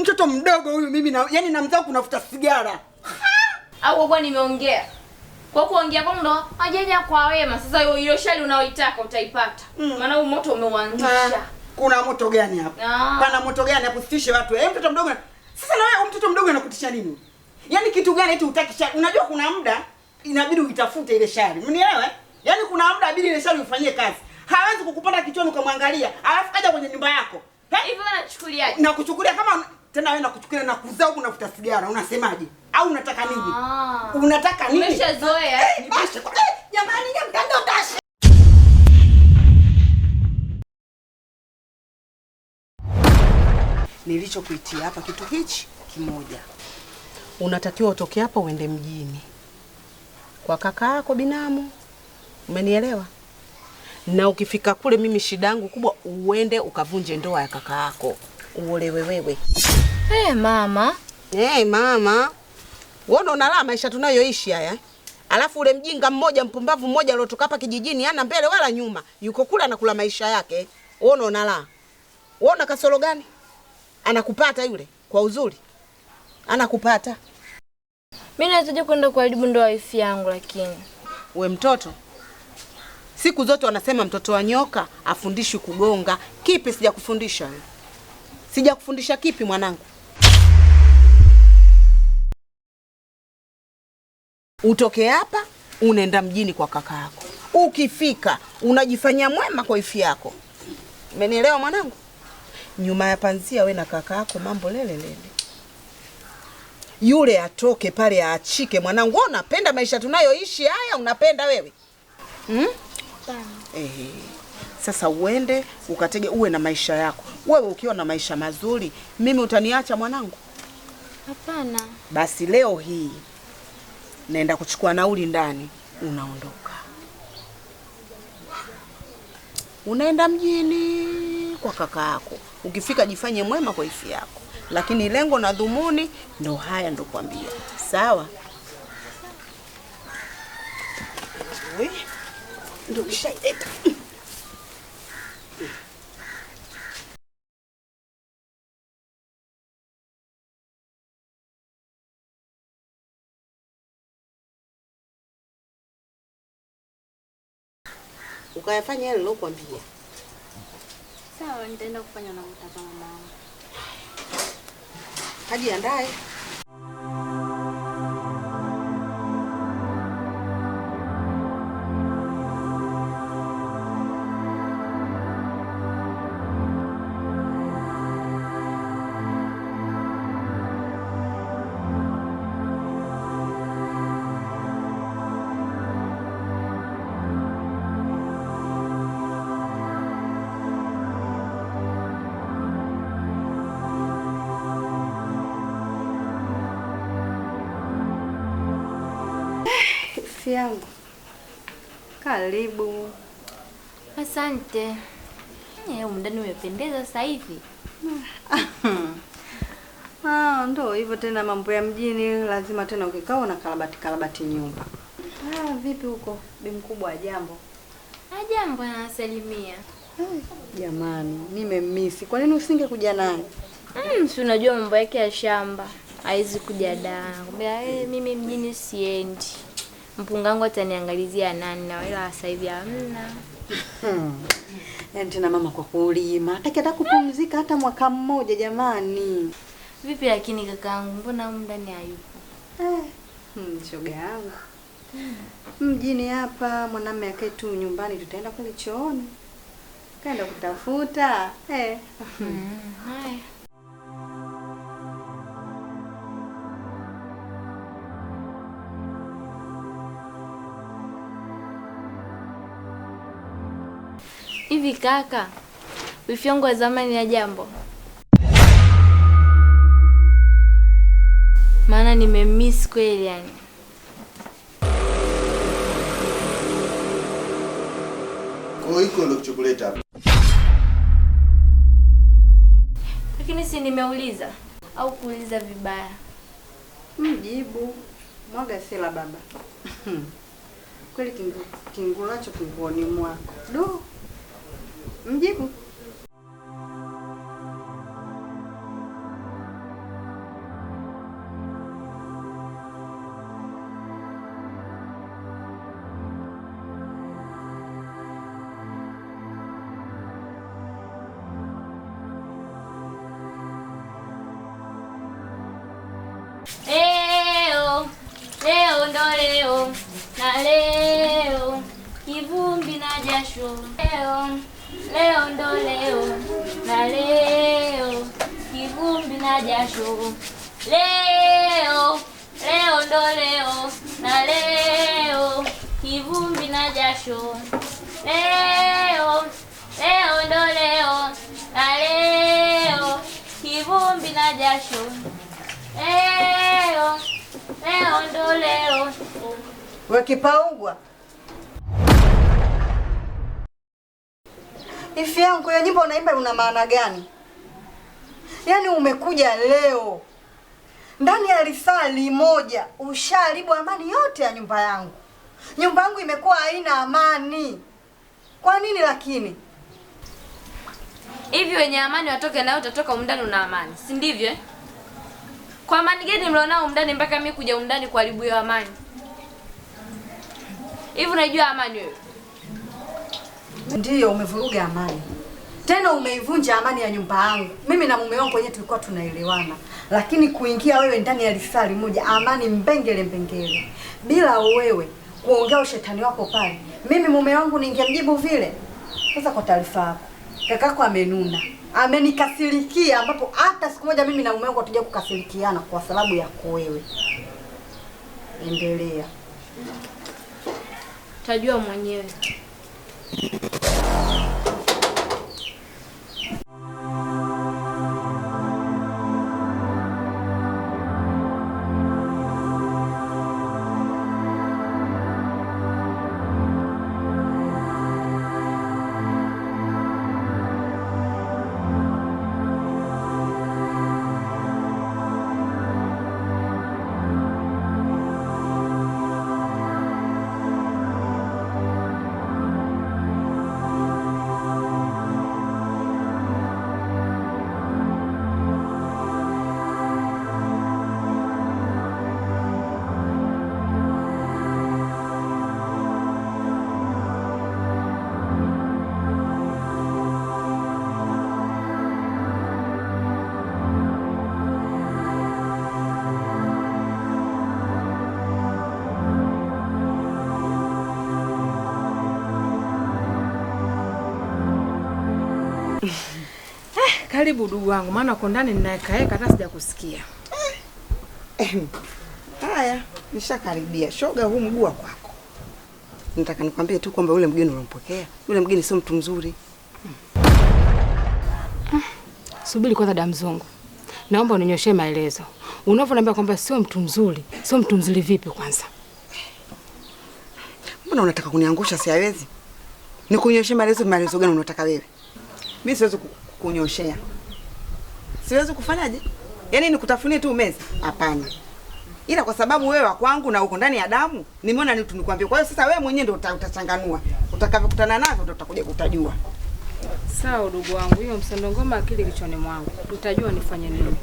Mtoto mdogo huyu mimi na, yani namzaa kunafuta sigara. Au bwana nimeongea. Kwa kuongea kwa ndo ajenya kwa wema. Sasa hiyo ile shali unaoitaka utaipata. maana Mm. Maana huu moto umeuanzisha. Ah, kuna moto gani hapa? Ah. Pana moto gani hapo sitishe watu? Eh, mtoto mdogo. Sasa na wewe mtoto mdogo anakutisha nini? Yaani kitu gani eti utaki shali? Unajua kuna muda inabidi uitafute ile shali. Mnielewe? Yaani kuna muda inabidi ile shali ufanyie kazi. Hawezi kukupanda kichwani ukamwangalia, alafu kaja kwenye nyumba yako. Eh? Hivi wewe unachukuliaje? Nakuchukulia kama tena wewe nakuchukulia na kuzaa huko unafuta sigara. Unasemaje? Au unataka nini? Ah. Unataka nini? Umeshazoea. Eh, eh, jamani, ya mtando tashi. Nilichokuitia hapa kitu hichi kimoja. Unatakiwa utoke hapa uende mjini. Kwa kaka yako binamu. Umenielewa? Na ukifika kule, mimi shida yangu kubwa uende ukavunje ndoa ya kaka yako uolewe wewe. Hey, mama. Hey, mama wewe unalaa maisha tunayoishi haya. Alafu ule mjinga mmoja mpumbavu mmoja aliotoka hapa kijijini ana mbele wala nyuma, yuko kula anakula maisha yake. Wewe ndo unalaa. Wewe kasoro gani? Anakupata yule kwa uzuri, anakupata. Mimi nahitaji kwenda kuharibu ndoa wifi yangu, lakini we mtoto, siku zote wanasema mtoto wa nyoka afundishwi kugonga. Kipi sija kufundisha wewe? Sijakufundisha kipi mwanangu? Utoke hapa unaenda mjini kwa kaka yako, ukifika unajifanya mwema kwa ifi yako. Umenielewa mwanangu? Nyuma ya panzia we na kaka yako mambo lele lele. Yule atoke pale aachike mwanangu. unapenda maisha tunayoishi haya? Unapenda wewe hmm? Ehe. Sasa uende ukatege, uwe na maisha yako wewe. Ukiwa na maisha mazuri, mimi utaniacha mwanangu? Hapana. Basi leo hii naenda kuchukua nauli ndani, unaondoka unaenda mjini kwa kaka yako. Ukifika jifanye mwema kwa ifi yako, lakini lengo na dhumuni ndo haya, ndo kwambia sawa. Ndio kishaileta ukayafanya yale nilokuambia. Sawa, nitaenda kufanya na mtazamo mama. Kaji rafiki yangu, karibu. Asante. Eh, Mdani umependeza sasa hivi. Ah, ndo hivyo tena, mambo ya mjini lazima tena ukikaa una karabati karabati nyumba. Ah, vipi huko bi mkubwa, ajambo? Ajambo, anasalimia. Jamani, nimemisi. Kwa nini usinge kuja naye? Mm, si unajua mambo yake ya shamba haizi kuja eh, Mimi mjini siendi mpunga wangu ataniangalizia nani, na wala sasa hivi hamna. Hmm. Yaani tena mama kwa kulima hataki hata kupumzika hata mwaka mmoja jamani. Vipi lakini kakaangu, mbona mndani ndani hayupo? Eh, hmm, shoga yangu hmm. mjini hapa mwanamume akae tu nyumbani, tutaenda kule chooni kaenda kutafuta eh. Hivi kaka, wifi yangu wa zamani ya jambo? Maana nimemiss kweli yani. Kwa hiyo kuchokuleta hapa. Lakini si nimeuliza au kuuliza vibaya? Mjibu. Mwaga sila baba. Kweli kingulacho kinguoni mwako. Do. 没见 vumbi na jasho. Leo leo ndo leo na leo kivumbi na jasho. Leo leo ndo leo na leo kivumbi na jasho. Leo leo ndo leo na leo kivumbi na jasho. Leo leo ndo leo wekipaungwa Ifi yangu hiyo nyimbo unaimba una maana gani? Yaani umekuja leo ndani ya risali moja usharibu amani yote ya nyumba yangu. Nyumba yangu imekuwa haina amani. Kwa nini lakini? Hivi wenye amani watoke na utatoka umndani una amani, si ndivyo eh? Kwa amani gani mlionao umndani mpaka mimi kuja umndani kuharibu hiyo amani? Hivi unajua amani wewe? Ndiyo, umevuruga amani tena umeivunja amani ya nyumba yangu. Mimi na mume wangu wenyewe tulikuwa tunaelewana, lakini kuingia wewe ndani ya lisali moja, amani mbengele mbengele, bila wewe kuongea ushetani wako pale, mimi mume wangu ningemjibu vile. Sasa kwa taarifa yako, kakako amenuna, amenikasirikia, ambapo hata siku moja mimi na mume wangu hatuja kukasirikiana kwa sababu yako wewe. Endelea, tajua mwenyewe. Karibu dugu wangu, maana uko ndani ninaekaeka hata sijakusikia. Eh, eh, haya, nishakaribia. Shoga, huu mguu wa kwako. Nataka nikwambie tu kwamba yule mgeni unampokea, yule mgeni sio mtu mzuri. Hmm. Ah, subiri kwanza, damu zangu, naomba uninyoshee maelezo. Unavyoniambia kwamba sio mtu mzuri, sio mtu mzuri vipi? Kwanza mbona unataka kuniangusha? Siawezi nikunyoshee maelezo. Maelezo gani unataka wewe? Mimi siwezi kunyoshea, siwezi kufanyaje? Yaani nikutafunie tu meza? Hapana, ila kwa sababu wewe wa kwangu na uko ndani ya damu, nimeona ni tunikwambia. Kwa hiyo sasa wewe mwenyewe ndio utachanganua, utakavyokutana navyo ndio utakuja kutajua. Sawa ndugu wangu, hiyo msandongoma akili kichoni mwangu, utajua nifanye nini.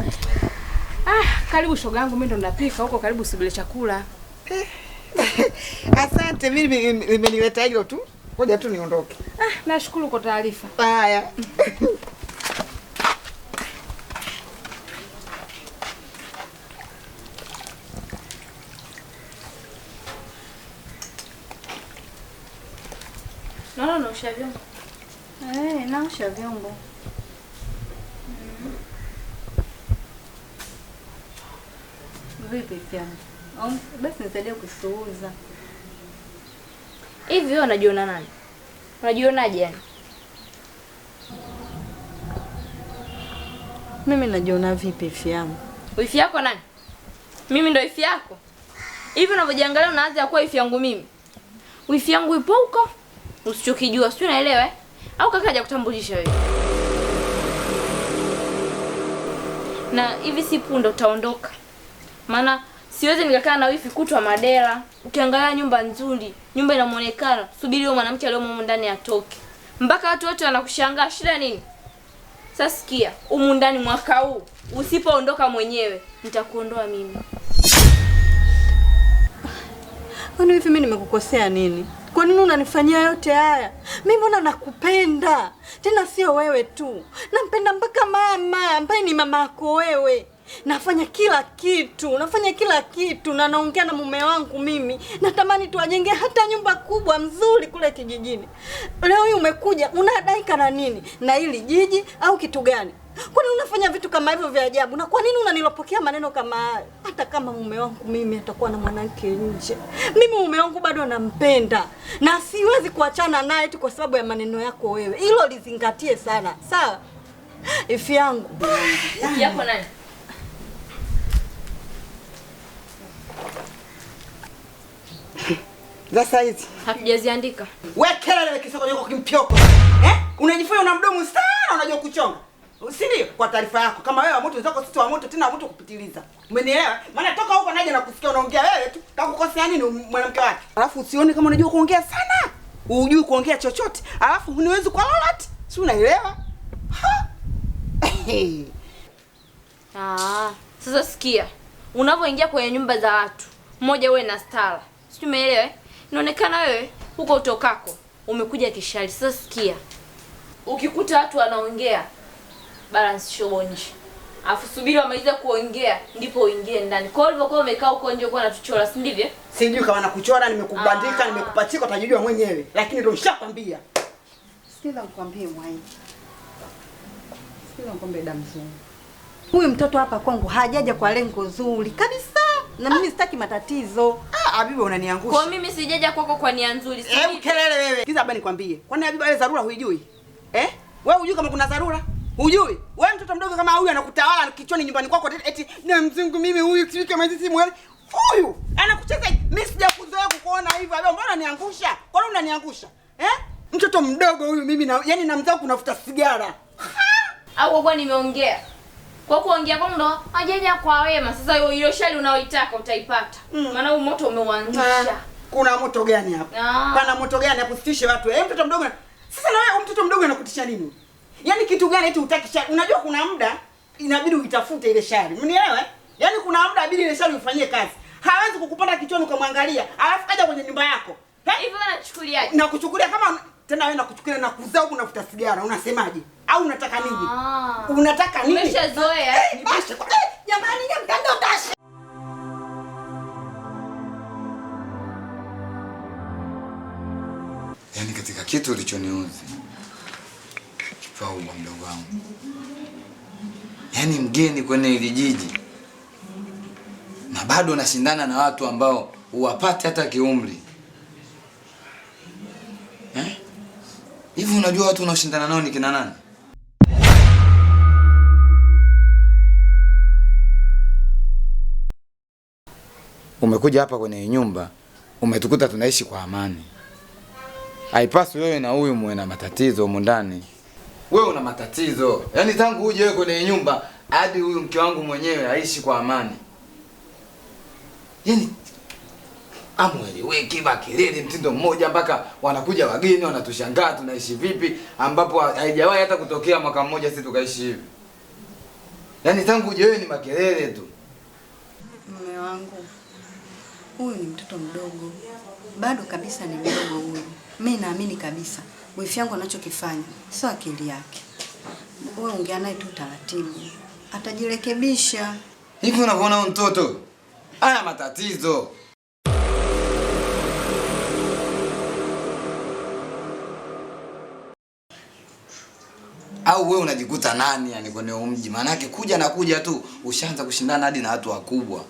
Ah, karibu shoga yangu, mimi ndo napika huko, karibu sibile chakula. Eh. Asante, mimi limenileta hilo tu. Ngoja tu niondoke. Ah, nashukuru kwa taarifa. Haya. Naona naosha vyombo. Eh, naosha vyombo. Mm-hmm. Vipi, basi nisaidie kusuuza. Hivi wewe unajiona nani? Unajionaje yani? Mimi najiona vipi ifi yangu? Ifi yako nani? Mimi ndo ifi yako? Hivi unavyojiangalia unaanza kuwa ifi yangu mimi. Ifi yangu ipo huko. Usichokijua, sio naelewa eh? Au kaka kutambulisha wewe. Na hivi si punde utaondoka. Maana Siwezi nikakaa na wifi kutwa madela. Ukiangalia nyumba nzuri, nyumba ina muonekano, subiri huyo mwanamke aliyomo ndani atoke, mpaka watu wote wanakushangaa. Shida nini? Sasa sikia, humu ndani mwaka huu usipoondoka mwenyewe, nitakuondoa mimi. Kwani hivi mimi nimekukosea nini? Kwa nini unanifanyia yote haya? Mimi mbona nakupenda, tena sio wewe tu, nampenda mpaka mama ambaye ni mama yako wewe nafanya kila kitu, nafanya kila kitu na naongea na mume wangu. Mimi natamani tuwajenge hata nyumba kubwa mzuri kule kijijini. Leo hii umekuja unadaika na nini na hili jiji au kitu gani? nini unafanya vitu kama hivyo vya ajabu, na kwa nini unanilopokea maneno kama hayo? Hata kama mume wangu mimi atakuwa na mwanamke nje, mimi mume wangu bado nampenda na siwezi kuachana naye tu kwa sababu ya maneno yako wewe. Hilo lizingatie sana, sawa ifi yangu yako nani? za saizi hatujaziandika. Wewe kelele wewe kisoko yako kimpyoko. Eh? Unajifanya una mdomo sana unajua kuchonga. Si ndio? Kwa taarifa yako kama wewe mtu moto wenzako sisi wa moto tena mtu kupitiliza. Umenielewa? Maana toka huko naje na kusikia unaongea wewe tu. Takukosea nini um, mwanamke wake? Alafu usione kama unajua kuongea sana. Unajui kuongea chochote. Alafu huniwezi kwa lolote. Si unaelewa? Ah, sasa sikia. Unapoingia kwenye nyumba za watu, mmoja uwe na stara. Sijui umeelewa? Eh? inaonekana wewe huko utokako umekuja kishari. Sasa sikia, ukikuta watu wanaongea balance show nje, afu subiri wamalize kuongea ndipo uingie ndani. Kwa hiyo ulivyokuwa umekaa huko nje uko natuchora, si ndivyo? Sijui kama nakuchora, nimekubandika, ah. nimekupachika, utajijua mwenyewe, lakini ndio nishakwambia. Sikiza nikwambie mwai, sikiza nikwambie damu huyu mtoto hapa kwangu hajaja kwa lengo zuri kabisa, na mimi sitaki matatizo ah. Habiba unaniangusha. Kwa mimi sijaja kwako kwa nia nzuri. Hebu kelele wewe. Kiza baba nikwambie. Kwani Habiba ile dharura huijui? Eh? Wewe hujui kama kuna dharura? Hujui? Wewe mtoto mdogo kama huyu anakutawala kichwani nyumbani kwako eti na mzungu mimi huyu kitu kama sisi muone. Huyu anakucheza. Mimi sijakuzoea kukuona hivyo. Habiba mbona unaniangusha? Kwa nini unaniangusha? Eh? Mtoto mdogo huyu mimi na yani namzao kunafuta sigara. Au kwa nimeongea. Kwa kuongea kwa ndo ajaja kwa wema. Sasa hiyo shali unaoitaka utaipata. Mm. Maana mm. huu moto umeuanzisha. Kuna moto gani hapa? Ah. Pana moto gani hapo sitishe watu? Eh, mtoto mdogo. Sasa na wewe mtoto mdogo anakutisha nini? Yaani kitu gani eti utaki shali? Unajua kuna muda inabidi uitafute ile shali. Mnielewa? Yaani kuna muda inabidi ile shali ufanyie kazi. Hawezi kukupata kichwani ukamwangalia. Alafu kaja kwenye nyumba yako. Eh? Hivyo anachukuliaje? Nakuchukulia kama tena wewe nakuchukulia na kuzao kunafuta sigara. Unasemaje? au unataka nini? Ah. Unataka nini? Umeshazoea. Eh, eh, eh, jamani, mtandao tashi. Yaani katika kitu ulichoniuzi fauma mdogo wangu, yaani mgeni kwenye hili jiji na bado unashindana na watu ambao huwapate hata kiumri hivi Unajua watu unaoshindana nao ni kina nani? umekuja hapa kwenye nyumba umetukuta tunaishi kwa amani. Haipaswi wewe na huyu muwe na matatizo humu ndani. Wewe una matatizo, yaani tangu uje wewe kwenye nyumba hadi huyu mke wangu mwenyewe aishi kwa amani, yaani amweleweki bakileli mtindo mmoja, mpaka wanakuja wageni wanatushangaa tunaishi vipi, ambapo haijawahi hata kutokea mwaka mmoja sisi tukaishi hivi. Yaani tangu uje wewe ni makelele tu, mume wangu huyu ni mtoto mdogo, bado kabisa ni mdogo huyu. Mimi naamini kabisa wifi yangu anachokifanya sio akili yake. Wewe ongea naye tu taratibu, atajirekebisha. Hivi unavyoona huyu mtoto haya matatizo au wewe unajikuta nani yani kwenye mji? Maanake kuja na kuja tu ushaanza kushindana hadi na watu wakubwa.